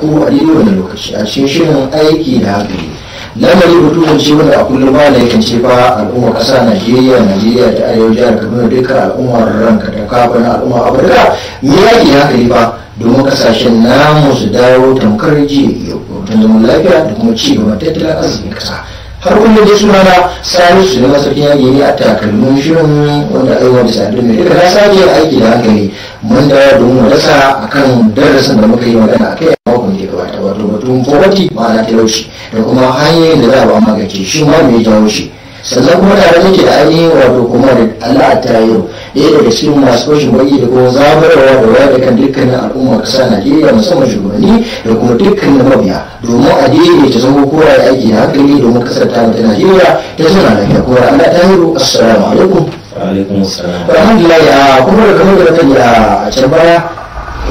ku a wani lokaci a ce shirin aiki da haka ne lamari mutumin ce wanda a kullum ba na kan ce ba al'umma ƙasa najeriya najeriya ta arewa jihar kaduna duka al'ummar ranka ta kafa na a afirka me yaki ya ne ba domin kasashen namu su dawo tamkar ji yau zaman lafiya da kuma ci gaban tattalin arzikin ƙasa har kullum dai suna salisu na sarkin yaƙi ne a takalmin shirin wanda aiwa da sadin mai daga na sake aiki da hankali mun da domin mu dasa akan darasin da muka yi magana a kai abin da ya gabata wato batun poverty na talauci da kuma hanyoyin da za a ba magance shi ma mai jawo shi sannan kuma tare ke da ainihin wato kuma da Allah ta yau ɗaya daga cikin masu fashin baki da kuma zaburarwa da wayar da kan dukkanin al'ummar ƙasar Najeriya musamman shugabanni da kuma dukkanin mabiya domin a daidaita zango kowa ya aiki da hankali domin ƙasar ta ta Najeriya ta zana lafiya kuma Allah ta yau assalamu alaikum alaikum assalam a kuma da kamar da kan a can baya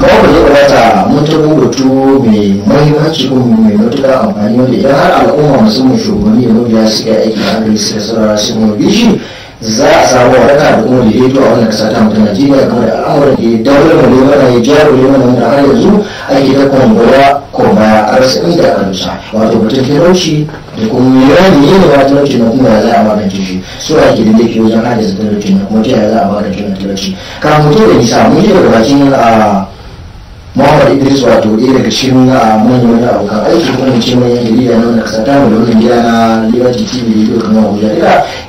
kawai ku zai gabata mun tabo batu mai mahimmanci kuma mai matuƙar amfani wanda idan har al'umma musamman shugabanni da mabiya suka aiki a hankali suka saurara su kuma bishi za a samu waraka da kuma da daidaito a wannan ƙasa ta mutum Najeriya kamar da al'amuran da ya daure mu ne mana ya jawo ne mana wanda har yanzu ake ta kwangwara ko baya a rasa inda aka dusa wato mutum talauci da kuma yi ne wa talauci na kuma ya za a magance shi su a ke da ke wajen hadasa talauci na kuma ta ya za a magance wannan talauci kafin mutum da nisa mun ji daga bakin a ah, Muhammad Idris wato ɗaya daga cikin ah, manyan abokan aiki kuma ce manyan jarida na wanda kasar tamu da wani gida na Liberty TV da yau kuma Abuja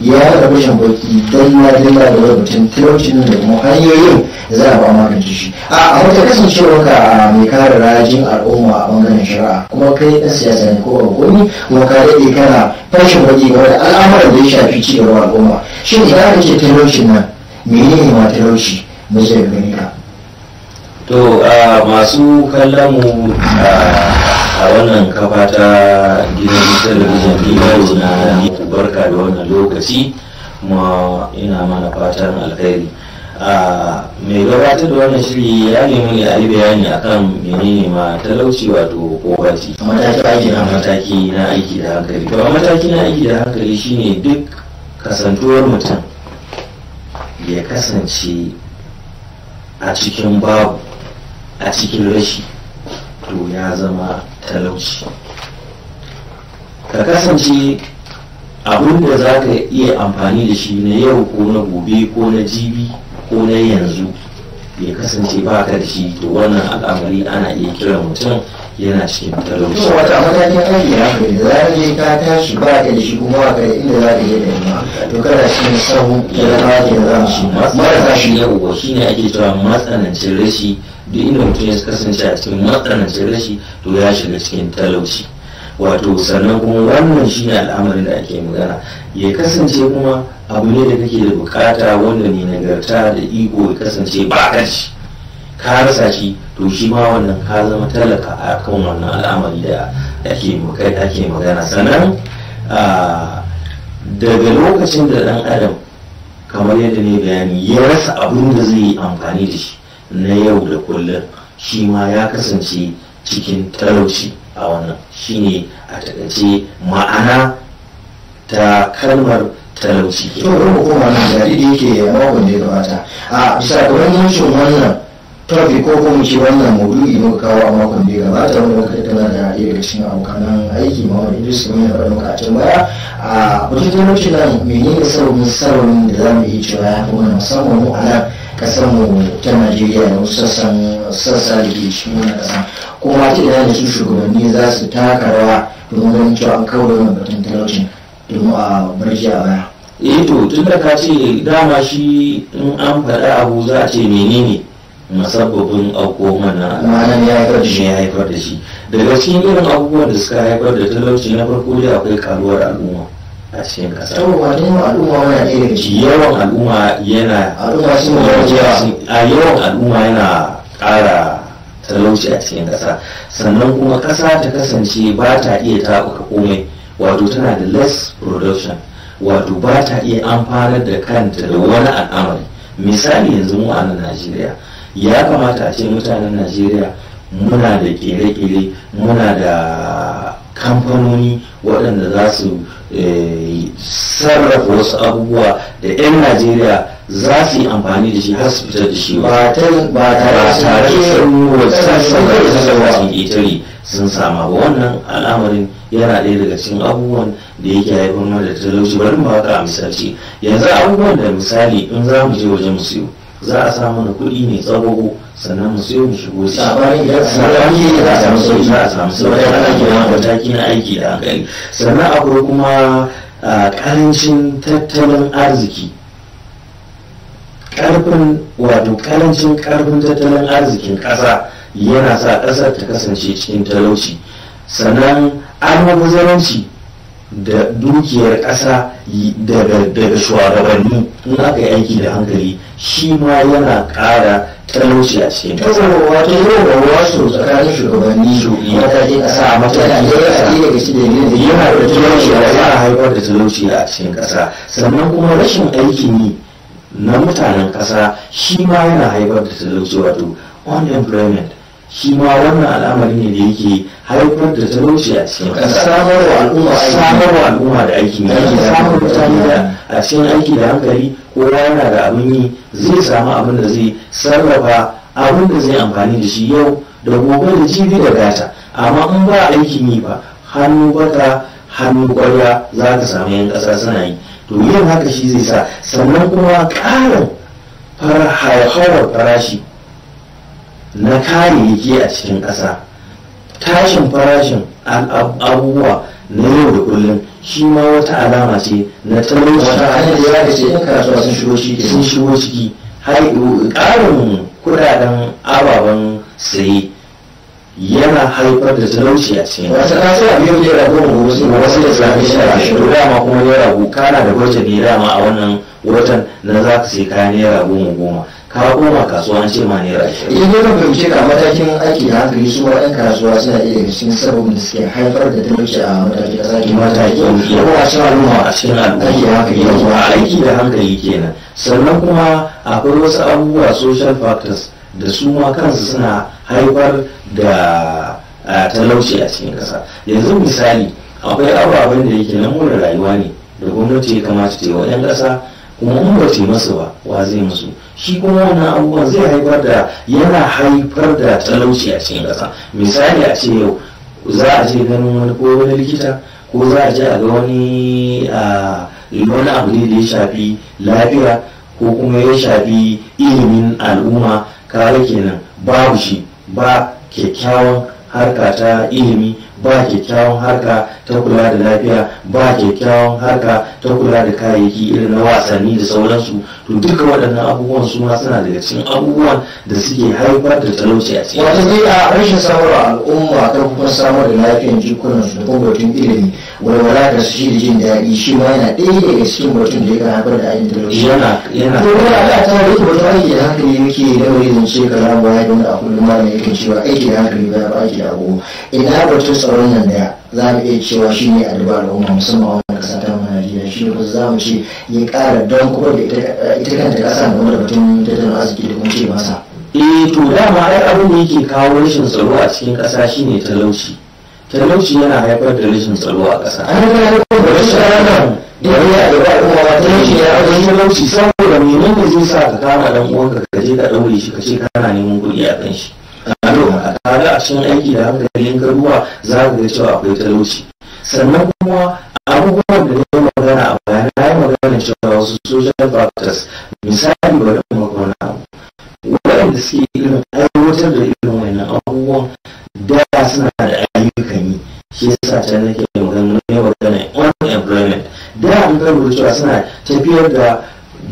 Ila ya da rashin baki dalla dalla da wani mutum talaucin da kuma hanyoyin da za a ba magance shi. A wata kasancewar ka ah, mai kare rajin al'umma a bangaren shari'a kuma kai ɗan siyasa ne ko gwamnati kuma ka daɗe kana fashin baki game da al'amuran da ya shafi ci gaban al'umma. Shin idan aka ce tilocin nan menene ma tilocin Mu zai gani ka. to masu kallon mu a wannan kafa ta gidan talabijin biyu na barka da wannan lokaci ma ina mana fatan alkhairi mai gabatar da wannan shiri ya nemi ya yi bayani akan menene ma talauci wato poverty mataki na mataki na aiki da hankali to mataki na aiki da hankali shine duk kasantuwar mutum ya kasance a cikin babu a cikin rashi to ya zama talauci ka kasance abin da za ka iya amfani da shi na yau ko na gobe ko na jibi ko na yanzu ya kasance ba ka da shi to wannan al'amari ana iya kira mutum yana cikin talauci. Kuma wata matakin aiki ya kai da zaka je ka tashi ba ka da shi kuma ba ka da inda za ka je da ma to kana cikin sahu ya ba ka da shi shi ba shi yau shi ne ake cewa matsanancin rashi duk inda mutum ya kasance a cikin matsanancin rashi to ya shiga cikin talauci wato sannan kuma wannan shi ne al'amarin da ake magana ya kasance kuma abu ne da kake da bukata wanda mai nagarta da iko ya kasance ba ka shi ka rasa shi to shi ma wannan ka zama talaka a kan wannan al'amari da ake magana sannan daga lokacin da dan adam kamar yadda ne bayani ya rasa abin da zai yi amfani da shi na yau da kullum shi ma ya kasance cikin talauci a wannan shine a takaice ma'ana ta kalmar talauci ke. To kuma kuma na jari da yake a makon da ya gabata. A bisa ga muhimmancin wannan topic ko kuma shi wannan maudu'i muka kawo a makon da ya gabata wanda muka tattauna da ya daga cikin abokanan aiki ma wani Idris kuma ya faɗi a can baya. A mutum talauci nan menene sabon sabon da za mu iya cewa ya fi wannan musamman mu a nan kasar mu ta najeriya da wasu sassan sassa da ke cikin wani kasa kuma ta da yana shugabanni za su taka rawa domin ganin cewa an kawo wannan batun talaucin domin a barji a baya eh to tun da ka ce dama shi in an faɗa abu za a ce menene masabbabin aukuwar mana ma'anar ya haifar da shi ya haifar da shi daga cikin irin abubuwan da suka haifar da talauci na farko dai akwai karuwar al'umma a cikin kasa yawan al'umma wani ne da ci yawan al'umma yana al'umma sun da a yawan al'umma yana ƙara talauci a cikin kasa sannan kuma ƙasa ta kasance ba ta iya taɓuka komai wato tana da less production wato ba ta iya amfanar da kanta da wani al'amari misali yanzu mu a nan najeriya ya kamata a ce mutanen najeriya muna da ƙere-ƙere muna da kamfanoni waɗanda za su Eh, sarrafa wasu abubuwa da 'yan najeriya za su yi amfani da shi har su fitar da shi ba tare da saruwar sassan da sauran itali sun sama ba wannan al'amarin yana ɗaya daga cikin abubuwan da yake haifar mana da talauci bari mu haka a misalci yanzu abubuwan da misali in za mu je waje mu siyo za a samu na kuɗi mai tsawo sannan mu siyo mu shigo sabani idan sabani ne za a samu sauki za a samu sauki ana wani mataki na aiki da aka yi sannan akwai kuma karancin tattalin arziki karfin wato karancin karfin tattalin arzikin ƙasa yana sa ƙasar ta kasance cikin talauci sannan an almabazaranci da dukiyar ƙasa daga shugabanni in aka yi aiki da hankali shi ma yana ƙara talauci a cikin ta zama wato yau da wasu tsakanin shugabanni matakin kasa a matakin da ya ake da yin yana da a haifar da talauci a cikin kasa sannan kuma rashin aikin yi na mutanen kasa shi ma yana haifar da talauci wato unemployment shi ma wannan al'amari ne da yake haifar da talauci a cikin ƙasa samar wa al'umma da aiki ne yake samar mutane da a cikin aiki da hankali ko yana da abin yi zai samu abin da zai sarrafa abin da zai amfani da shi yau da gobe da jibi da gata amma in ba aikin yi ba hannu baka hannu kwarya za ka samu yan ƙasa suna yi to yin haka shi zai sa sannan kuma ƙarin fara farashi na kayayyaki a cikin ƙasa tashin farashin abubuwa na yau da kullum shi ma wata alama ce na talauci wata kasuwa sun shigo ciki sun shigo ciki kudaden ababen saye yana haifar da talauci a cikin wasu na sai abin da ya rago mu wasu wasu da zafi shi a shi dama kuma ya ragu kana da gwajin ne dama a wannan watan na za ka sai kayan ya ragu mu goma ka koma kasuwa an ce ma naira ashirin. idan ya fahimce ka matakin aiki da hankali su ma yan kasuwa suna iya daga cikin sababin da suke haifar da talauci a matakin ƙasa ke mataki ko a cikin al'umma a cikin al'umma aiki da hankali yanzu aiki da hankali kenan sannan kuma akwai wasu abubuwa social factors da su ma kansu suna haifar da talauci a cikin ƙasa yanzu misali akwai ababen da yake nan more rayuwa ne da gwamnati ya kamata ta yi wa ƴan ƙasa kuma in ba ta yi masu ba wa zai musu shi kuma wannan abubuwan zai haifar da yana haifar da talauci a cikin ƙasa misali a ce yau za a je ganin wani ko wani likita ko za a je a ga wani wani abu ne da ya shafi lafiya ko kuma ya shafi ilimin al'umma kare kenan babu shi ba kyakkyawan harka ta ilimi ba kyakkyawan harka ta kula da lafiya ba kyakkyawan harka ta kula da kayayyaki irin na wasanni da sauransu to duka waɗannan abubuwan su ma suna daga cikin abubuwan da suke haifar da talauci a cikin wata dai a rashin samar al'umma ta kuma samar da lafiyar jikunan su da kuma batun ilimi walwala da su shi da jin daɗi shi ma yana ɗaya daga cikin batun da ya kan haifar da ayin talauci yana yana to yana da ta rike wata aiki da hankali muke da wani zan ce ka ba ya da a kullum ma ne yake cewa aiki da hankali ba ya ba aiki da abu ina batun tsaron nan da za mu iya cewa ne a umma musamman shi ne kusa zamu ce ya ƙara don kuma da ita eh, kanta ƙasa game da batun tattalin arziki da kuma ce masa. eh to dama ai abin da yake kawo rashin tsaro a cikin ƙasa shi ne talauci talauci yana haifar da rashin tsaro a ƙasa. an yi haifar da rashin tsaro da ya yi ba kuma ba talauci ya yi talauci saboda menene zai sa ka kama dan uwanka ka je ka ɗaure shi ka ce kana neman kuɗi a kan shi. kaga a a cikin aiki da hankalin garuwa za ka ga cewa akwai talauci sannan kuma abubuwan da magana a baya na yi cewa wasu social misali mu suke ilimin da irin wannan abubuwan da suna da ayyukan ne da an cewa suna tafiyar da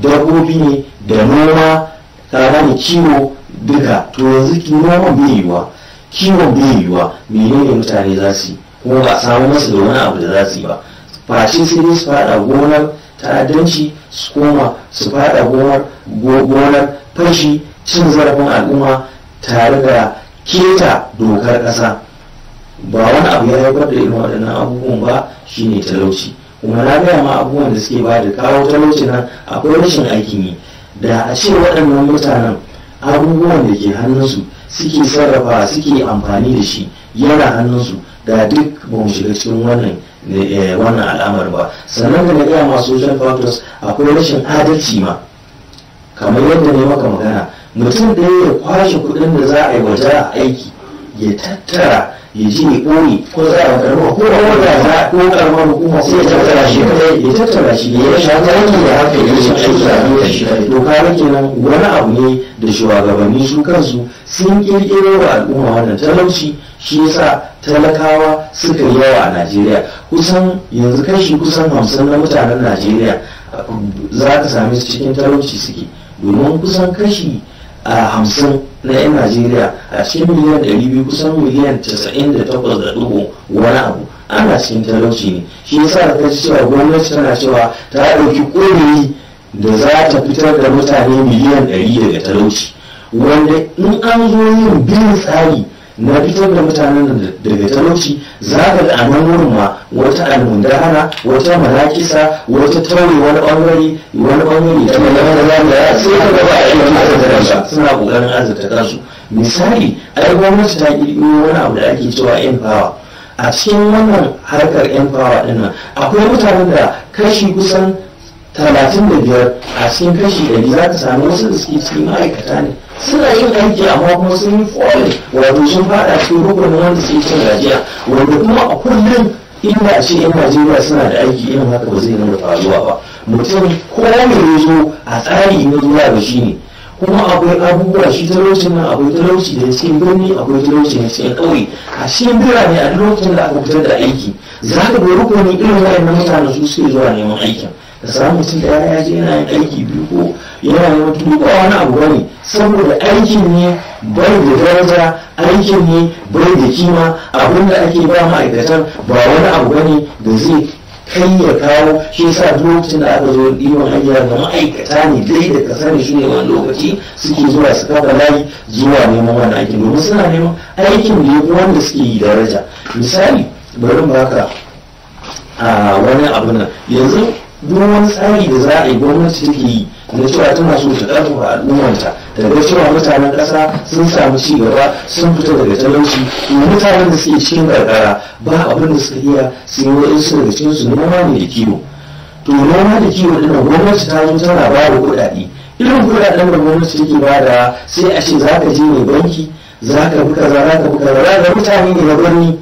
dabbobi ne da noma kara ne kiwo duka to yanzu noman bai yiwuwa kiwon bai menene mutane za su kuma ba a samu masu da wani abu da za ba fashi sai dai su fada gonar ta'addanci su koma su fada gonar fashi cin zarafin al'umma tare da keta dokar ƙasa ba wani abu ya haifar da irin waɗannan abubuwan ba shine talauci kuma na gaya ma abubuwan da suke ba da kawo talauci nan akwai rashin aikin yi da a ce waɗannan mutanen abubuwan da ke hannunsu suke sarrafa suke amfani da shi yana hannunsu da duk ba mu shiga cikin wannan wannan al'amar ba sannan da na iya masu social factors akwai rashin adalci ma kamar yadda ne maka magana mutum ɗaya ya kwashe kuɗin da za a yi waje aiki ya tattara ya ji ne ko za a karɓa ko wanda za a ko karɓar hukuma sai ya tattara shi kadai ya tattara shi ya sha ta yake da haka ya yi shi zaɓe da shi kadai to kare kenan wani abu ne da shugabanni su kansu sun ƙirƙiro wa al'umma wannan talauci shi yasa talakawa suka yi yawa a najeriya kusan yanzu kashi kusan hamsin na mutanen najeriya um, za ka sami su cikin talauci suke domin kusan kashi a hamsin na 'yan najeriya a cikin miliyan 200 kusan miliyan 98.1 wani abu ana cikin talauci ne shi yasa da kaji cewa gwamnati tana cewa ta ɗauki ƙorafi da za ta fitar da mutane miliyan 100 daga talauci wanda in an zo yin bin tsari na fitar da mutanen daga talauci za ka ga a nan wurin ma wata almundana wata malakisa wata taure wani bangare wani bangare ta mai zama da zama ya sai ka gaba a yi wani azurta suna kokarin azurta kansu misali ai gwamnati ta kirkiro wani abu da ake cewa empower a cikin wannan harkar empower din nan akwai mutanen da kashi kusan talatin da biyar a cikin kashi ɗari za ka samu wasu da suke cikin ma'aikata ne suna yin aiki amma kuma sun yi fole wato sun fada cikin rukunin wanda suke cin gajiya wanda kuma a kullum inda a ce yan najeriya suna da aiki irin haka ba zai nuna faruwa ba mutum ko mai ya zo a tsari na zuwa da shi ne kuma akwai abubuwa shi talaucin nan akwai talauci da cikin birni akwai talauci da cikin ƙauye a cikin birane a lokacin da aka fitar da aiki za ka ga rukunin irin wa'annan mutane su suke zuwa neman aikin Ka samu mutum da ya je yana aiki biyu ko yana yin wata duka wani abu bane saboda aikin ne bai da daraja aikin ne bai da kima abin da ake ba ma'aikatar ba wani abu bane da zai kai ya kawo shi yasa lokacin da aka zo ɗiwon hanya da ma'aikata ne dai da ka sani shi ne wani lokaci suke zuwa su kafa layi zuwa neman wani aikin domin suna neman aikin da wanda suke yi daraja misali bari baka a ah, wani abu nan yanzu duk wani tsari da za a yi gwamnati take yi da cewa tana so ta ƙarfafa al'ummarta daga cewa mutanen ƙasa sun samu ci gaba sun fita daga talauci mutanen da suke cikin karkara ba abin da suka iya sai wa'insu daga cikin su noma ne da kiwo to noma da kiwo din gwamnati ta zo tana ba da kuɗaɗe irin kuɗaɗen da gwamnati take ba da sai a ce za ka je mai banki za ka bi kaza za ka bi kaza za ka mutane ne na birni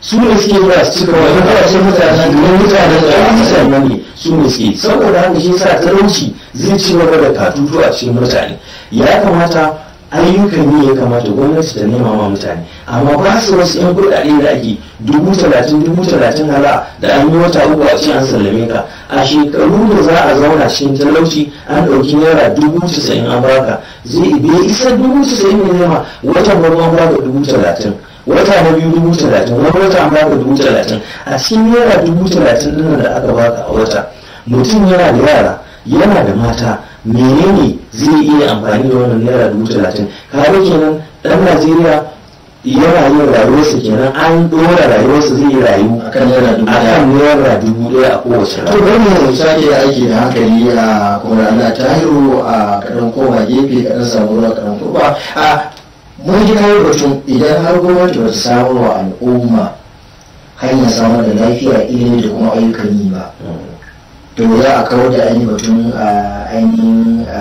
su ne suke ba su cika wani mutane domin mutanen ƙasashen nan ne su ne suke saboda haka shi sa talauci zai ci gaba da katutu a cikin mutane ya kamata ayyukan ne ya kamata gwamnati ta nema ma mutane amma ba su wasu yan kuɗaɗe da ake dubu talatin dubu talatin hala da an yi wata uku a ce an sallame ka a shekaru da za a zauna cikin talauci an ɗauki naira dubu casa'in an baka zai bai isa dubu casa'in ne nema watan farkon ga dubu talatin wata na biyu dubu talatin wani wata an baka dubu talatin a cikin yara dubu talatin ɗin da aka baka a wata mutum yana da yara yana da mata menene zai iya amfani da wannan naira dubu talatin kawo kenan ɗan najeriya yana yin rayuwarsa kenan an dora rayuwarsa zai yi rayu a kan naira dubu ɗaya a kowace rana. to bari mu sake aiki da hankali a kuma ana tahiru a kaɗan koma gefe kaɗan samu ruwa kaɗan mun ji kayan batun idan har gwamnati ba ta samar wa al'umma hanyar samar da lafiya ilimi da kuma ayyukan yi ba to za a kawar da ainihin batun ainihin a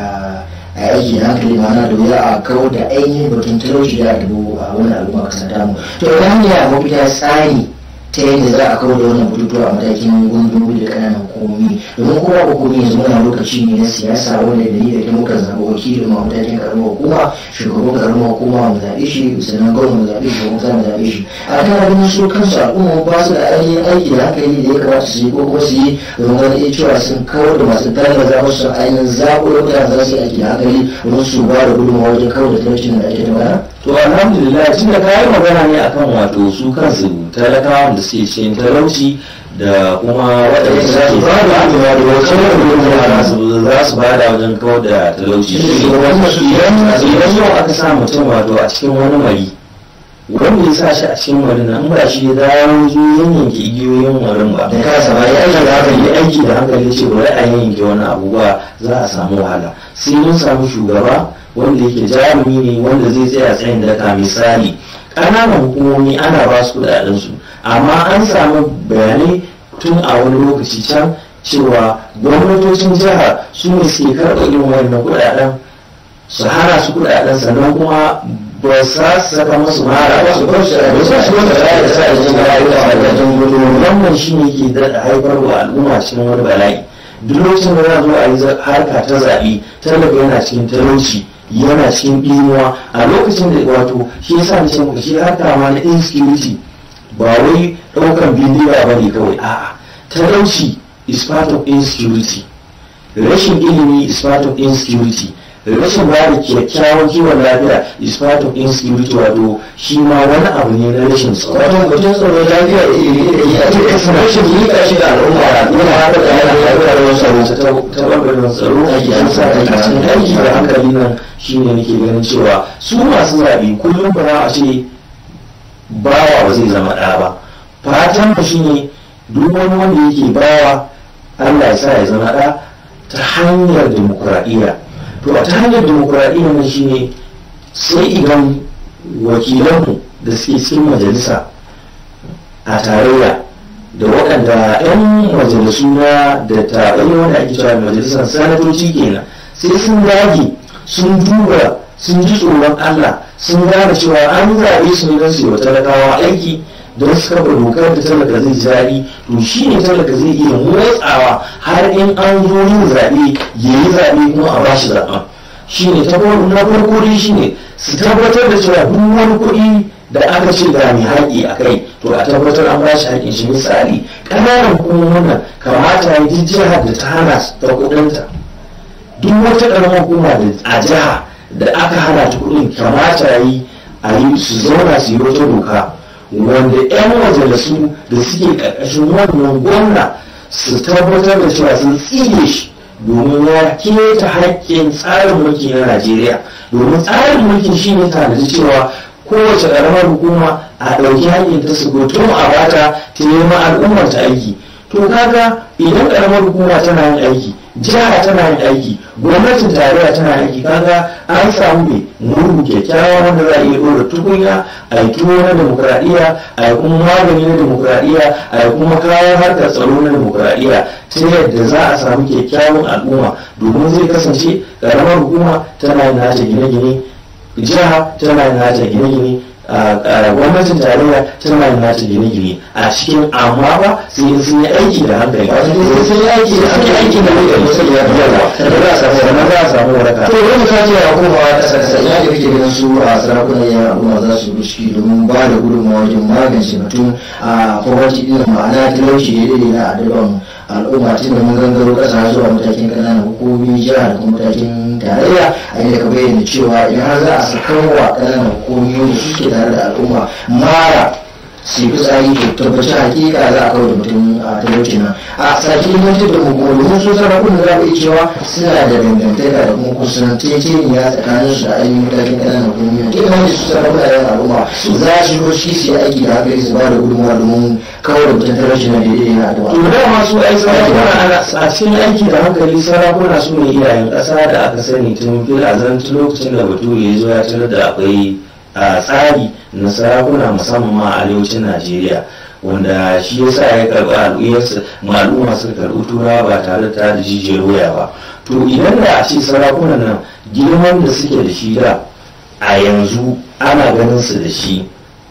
aiki na hankali ma'ana da wuya a kawar da ainihin batun talauci da a wani al'umma kasar damu to idan ya mafita tsari ta yadda za a kawo da wannan budurwa a matakin gundumomi da kananan hukumomi domin kowa hukumi yanzu muna lokaci ne na siyasa wanda da ni da ke muka zaɓi wakili ma a matakin karamar hukuma shugaban karamar hukuma mu zaɓe shi sannan gwamnati mu zaɓe shi kuma mu zaɓe shi a kan abin su kansu al'umma ba su da ainihin aiki da yi da ya kamata su yi ko kuma su yi domin wani iya cewa sun kawar da masu tarin za su ainihin zaɓo da mutane za su yi aiki da yi domin su ba da gudunmawa wajen kawar da talacin da ake da mana. to alhamdulillah tun da kayan magana ne akan wato su kansu talakawa da suke cikin talauci da kuma waɗanda suke za su ba da wajen kawar da talauci idan yau aka sa mutum wato a cikin wani mari wanda ya sa shi a cikin wani nan ba shi ya dawo zo yanyanke igiyoyin warin ba da kasa ba ya aiki da haka yi aiki da hankali ce bari a yanke wani abubuwa za a samu wahala sai mun samu shugaba wanda yake jarumi ne wanda zai tsaya tsayin daka misali ƙananan hukumomi ana ba su kuɗaɗensu amma an samu bayanai tun a wani lokaci can cewa gwamnatocin jihar su ne suke karɓa irin wannan kuɗaɗen su hana su kuɗaɗen sannan kuma ba sa su saka musu mara ba su ba su ba su su wanda za da sa a cikin rayuwa a wajen gudu wannan shi ne ke daɗa haifar wa al'umma cikin wani bala'i duk lokacin da za zo a yi harka ta zaɓe talaka yana cikin talauci yana cikin ɗinuwa a lokacin da wato shi yasa mace muka shi harka ma na insecurity ba wai ɗaukar bindiga ba ne kawai a'a talauci is part of insecurity rashin ilimi is part of insecurity rashin ba da kyakkyawan kiwon lafiya is part of insecurity wato shi ma wani abu ne na rashin tsaro wato mutum tsaro lafiya ya ce rashin miƙa shi da al'umma a nuna haka da yana lafiya da wasu tsaro ta ɓangaren tsaro a gidan sa yi. a cikin aiki da hankali nan ne nake ganin cewa su masu zaɓe kullum ba a ce bawa ba zai zama ɗa ba fatan mu shine duk wani wanda yake bawa Allah ya sa ya zama ɗa ta hanyar demokuraɗiyya to a ta hanyar demokuraɗiyya ne shine sai idan wakilanmu da suke cikin majalisa a tarayya da waɗanda 'yan majalisu na da tarayya wanda ake cewa majalisar sanatoci kenan sai sun dage sun duba sun ji tsoron Allah sun gane cewa an zaɓe su ne don su yi wa talakawa aiki don su kafa dokar da talaka zai ji daɗi to shi ne talaka zai iya motsawa har in an zo yin zaɓe ya yi zaɓe kuma a ba shi zaɓen shi ne na farko dai shi ne su tabbatar da cewa duk wani kuɗi da aka ce ga mai haƙi a kai to a tabbatar an ba shi haƙin shi misali ƙananan hukumomin kamata ya ji jihar da ta hana ta kuɗinta duk wata ƙaramar hukuma da a jiha da aka hana ta kudin kamata yi a yi su zauna su yi wata doka wanda 'yan majalisu da suke karkashin wannan gwamna su tabbatar da cewa sun tsige shi domin ya keta haƙƙin tsarin mulki na najeriya domin tsarin mulki shi ne tanadi cewa kowace ƙaramar hukuma a ɗauki haƙƙin ta su tun a bata ta nema al'ummar ta aiki to kaga idan ƙaramar hukuma tana yin aiki jiha tana yin aiki gwamnatin tarayya tana aiki kaga an samu mai murhu kyakkyawa wanda za a iya dora tukunya a yi tuwo na demokuraɗiyya a yi kuma magani na demokuraɗiyya a yi kuma kawo harkar tsaro na demokuraɗiyya ta yadda za a samu kyakkyawan al'umma domin zai kasance ƙaramar hukuma tana yin nata gine-gine jiha tana yin nata gine-gine gwamnatin tarayya tana yin nata gine-gine a cikin amma ba sai sun yi aiki da hankali wato sai sun yi aiki da hankali aiki da hankali sai ya biya ba da za a samu wannan za a samu waraka to wani kaji a kuma a ƙasa ƙasa ina da kake ganin su a sarakunan yan al'umma za su bishi domin ba da gudunmawa wajen magance batun a gwamnati ɗin ma'ana talauci da ya daɗe na adaban al'umma tun da mun gangaro kasa zuwa matakin ƙananan hukumomi jiha da kuma matakin tarayya a yadda ka bayyana cewa in har za a sakarwa ƙananan hukumomi da suke tare da al'umma mara su fitsari da tabbaci hakika za a kawo da mutum a talauci na a sarki mutu da hukumomin su sarakun da za iya cewa suna da dangantaka da kuma ne ya tsakanin su da ainihin matakin ƙananan hukumomi duk wanda su sarakun da yana al'umma za su yi shi su yi aiki da haka su ba da gudunmawa domin kawo da mutum talauci na daidai na ba to da masu aiki sarakuna a cikin aiki da hankali sarakuna su ne iyayen ƙasa da aka sani tun fil azan lokacin da bature ya zo ya tarar da akwai tsari na sarakuna musamman ma arewacin najeriya wanda shi ya sa ya karɓi al'ummar maluma suka karɓi tura ba tare da ta jijiyar waya ba to idan da a ce sarakunan nan girman da suke da shi da a yanzu ana ganin su da shi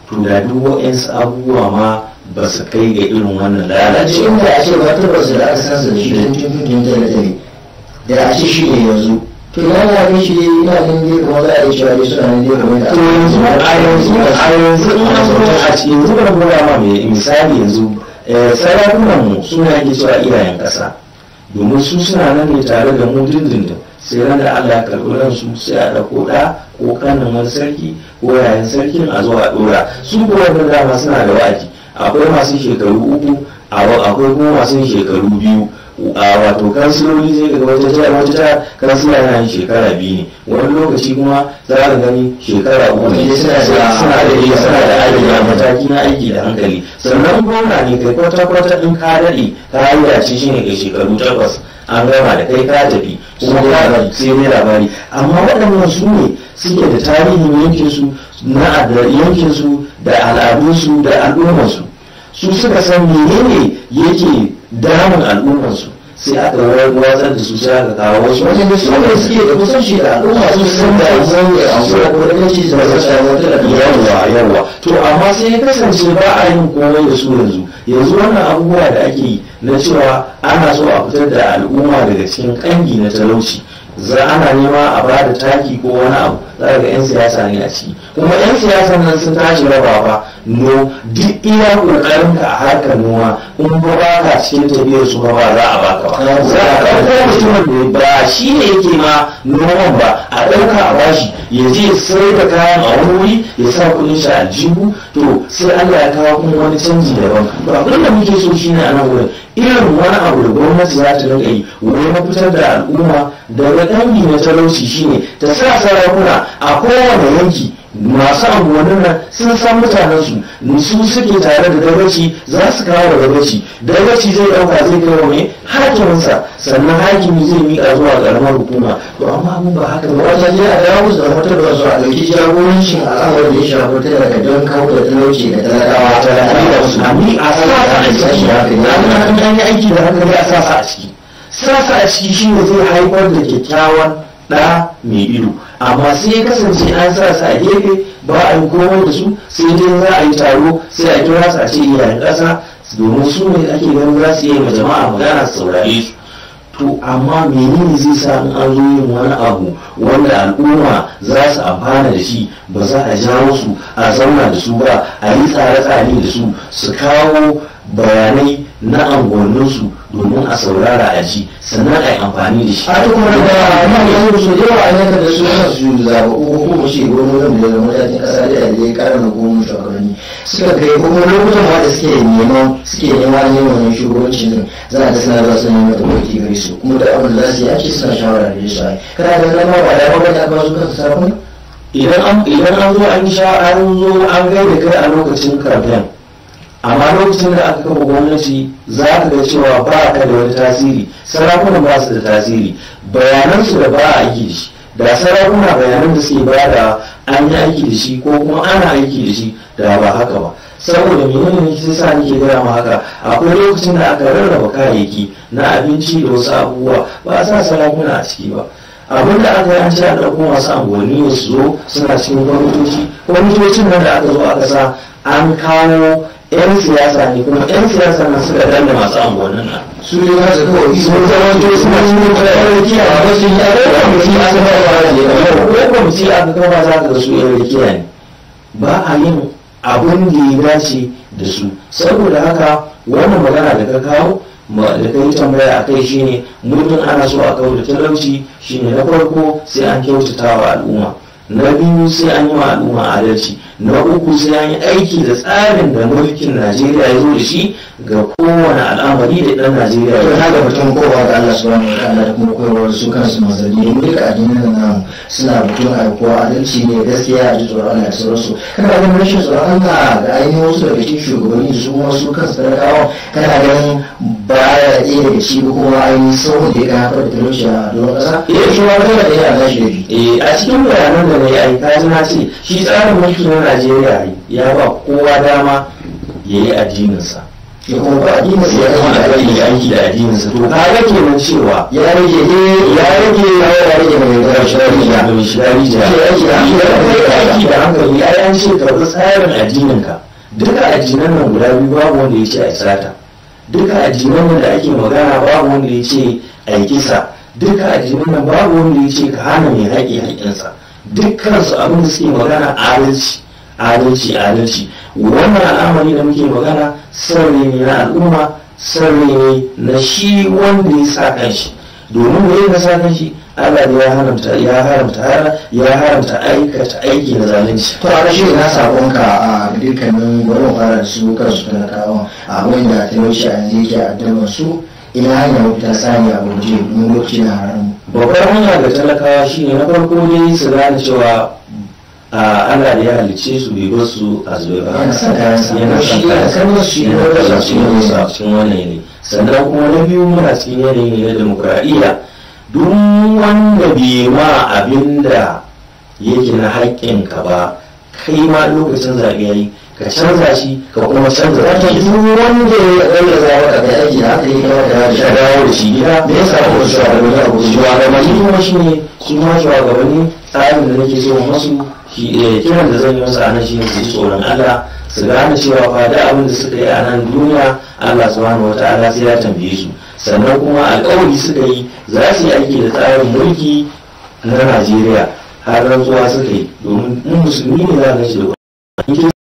to da duk wa'yansu abubuwa ma ba su kai ga irin wannan lalacewa. Inda a ce ba su da aka san da shi da tun tun tun da da a ce shi ne yanzu to yana ne shi ina jin dai kuma za a yi shawari suna ne dai kuma da to yanzu a yanzu a yanzu in an zo a cikin yanzu bari mu ma misali yanzu eh, sarakunan mu suna yake cewa iyayen kasa domin su suna nan ne tare da mu dindindin sai ran da Allah ya karɓi ransu sai a ɗauko ɗa ko kanin wani sarki ko yayin sarkin a zo a ɗora su kuwa da dama suna da wa'adi akwai masu shekaru uku akwai kuma masu shekaru biyu a wato kansiloli zai ga wata jihar wata jihar kansila yana yin shekara biyu ne wani lokaci kuma za ka gani shekara uku ne suna da suna da suna da mataki na aiki da hankali sannan gwamna ne kai kwata kwata in ka daɗe ka hanyar ce shi ne kai shekaru takwas an gama da kai ka tafi kuma ka sai mai labari amma waɗannan su ne suke da tarihin yankinsu na yankinsu da al'adunsu da al'ummarsu su suka san menene yake damun al'ummarsu sai aka watsar da su sai aka kawo wasu Wani da su ne suke da kusan shi da al'umma su san da yanzu ya amsa da gwamnati da masu ta da yawa yawa to amma sai ya kasance ba a yin komai da su yanzu yanzu wannan abubuwa da ake yi na cewa ana so a fitar da al'umma daga cikin kangi na talauci za ana nema a ba da taki ko wani abu za ga 'yan siyasa ne a ciki kuma 'yan siyasan nan sun tashi raba ba. no duk iya kokarin ka a harkar noma in ba ba ka cikin tafiyar su ba za a baka ba za a ɗauka mutumin da ba shi ne yake ma noman ba a ɗauka a bashi ya je sai da kayan a wani wuri ya sa kuɗin shi aljihu to sai Allah ya kawo kuma wani canji daban to abin da muke so shine a nan wurin irin wani abu da gwamnati za ta rinka yi wani mafitar da al'umma daga ɗan biyu na talauci shine ta sa sarakuna a kowane yanki masu anguwannin nan sun san mutanensu su suke tare da dagaci za su kawo da dagaci dagaci zai dauka zai kai mai hakiminsa sannan hakimi zai miƙa zuwa ƙaramar hukuma to amma mun ba haka ba wajen ne a yawo da wata da su a ɗauki jagorancin al'amarin da ya shafi ta daga don kawo da talauci da talakawa ta da su a mi a sasa a ciki an yi aiki da haka a sasa a ciki sasa a ciki shi ne zai haifar da kyakkyawan ɗa mai ido amma sai ya kasance an sa su a gefe ba a yi komai da su sai dai za a yi taro sai a kira su a ce iyayen ƙasa domin su ne ake ganin za su yi ma jama'a magana su saurare su to amma menene zai sa in an zo yin wani abu wanda al'umma za su amfana da shi ba za a ja su a zauna da su ba a yi tsare-tsare da su su kawo bayanai na angoninsu domin a saurara a ji sannan a yi amfani da shi. a duk wani da ma ne su da yawa a yanka da su yana su yi zaɓa ko kuma shi gwamnonin da da matakin ƙasa da yadda ya ƙara na gwamnonin shugabanni suka kai ko kuma lokutan ma da suke neman suke neman yin wannan shugabancin din za a ga suna zuwa suna neman tabbaki gare su kuma da abin da za su yi ake suna shawara da su a yi kana da zama ba da yawa ba da ba su kansu sarfin. idan an zo an sha an zo an gaida kai a lokacin kamfen amma lokacin da aka kafa gwamnati za ka ga cewa ba ka da wani tasiri sarakunan ba su da tasiri bayanansu da ba a aiki da shi da sarakuna bayanan da suke ba da an yi aiki da shi ko kuma ana aiki da shi da ba haka ba saboda menene ne ke sa nake gaya ma haka akwai lokacin da aka rarraba kayayyaki na abinci da wasu abubuwa ba a sa sarakuna a ciki ba abin da aka yi an ce a ɗauko masu amfani ne su zo suna cikin kwamitocin kwamitocin nan da aka zo aka sa an kawo yan siyasa ne kuma yan siyasa na suka danna masu angonin nan su ne masu kawai sun zama to suna su ne da yan rikiya a wasu yi a rai ba mu ci aka ba ba ne ko ba mu ci aka ga ba za ka ga su yan rikiya ne ba a yin abun da ya dace da su saboda haka wannan magana da ka kawo da ka yi tambaya a kai shine mutum ana so a kawo da talauci shi ne na farko sai an kyautata wa al'umma na biyu sai an yi wa al'umma adalci na uku sai an yi aiki da tsarin da mulkin najeriya ya zo da shi ga kowane al'amari da ɗan Najeriya ya haɗa batun kowa ga Allah subhanahu wa ta'ala da kuma koyarwar su kansu manzanni domin duka addinin nan suna batun aikowa adalci ne gaskiya a ji tsoron Allah da sauransu kana ganin rashin tsoron Allah ga ainihin wasu daga cikin shugabanni su kuma su kansu talakawa kana ganin baya ɗaya daga ciki kuma ainihin sauran da ya ga haifar da talauci a doron ƙasa. Eh shi ma kuma da ya shi da Eh a cikin bayanan da na yi aika na ce shi tsarin mulki na Najeriya ya ba kowa dama ya yi addininsa. ya kuma ba addinin sa ya kama da aiki da aiki da addinin sa to ka ga kenan cewa ya rage ya rage ya rage mai da shari'a da ya shari'a ce aiki da aiki da hankali ai an ce ka bi tsarin addinin ka duka addinan nan guda biyu babu wanda ya ce a sata duka addinan nan da ake magana babu wanda ya ce a kisa duka addinan nan babu wanda ya ce ka hana mai haƙi haƙinsa dukkan su abin da suke magana adalci adalci adalci wannan al'amari da muke magana sarri ne na al'umma sarri ne na shi wanda ya sa kanshi domin da ya sa kanshi Allah ne ya haramta ya haramta ya haramta aikata aiki na zalunci to a shi na sabon ka a dukkanin gwamnati fara su kawo a abin da shi a yanzu yake addaban su ina hanyar mafita sani a guje mun lokaci na haramu babbar hanya ga talakawa shine na farko dai su gane cewa Ah, Allah da ya halice su bai bar su a zuwa ba yana son kayan shi yana kallon shi yana su a cikin wannan yanayi sannan kuma na biyu muna cikin yanayi ne na demokuraɗiyya duk wanda bai ma abin da yake na ka ba kai ma lokacin zaɓe ya yi ka canza shi ka kuma canza wata duk wanda ya wanda za ka kai aiki da yi yake da shi dawo da shi gida me yasa ko shi da a abu shi wa da mai kuma shi ne su ma shi tsarin da nake so masu. Eh, kiran da zan yi masa anan ne su yi tsoron Allah su gane cewa fa da abin da suka yi a nan duniya Allah subhanahu wataala sai ya tambaye su sannan kuma alƙawari suka yi za su yi aiki da tsarin mulki na Najeriya har rantsuwa suka yi domin in musulmi ne za a gaji da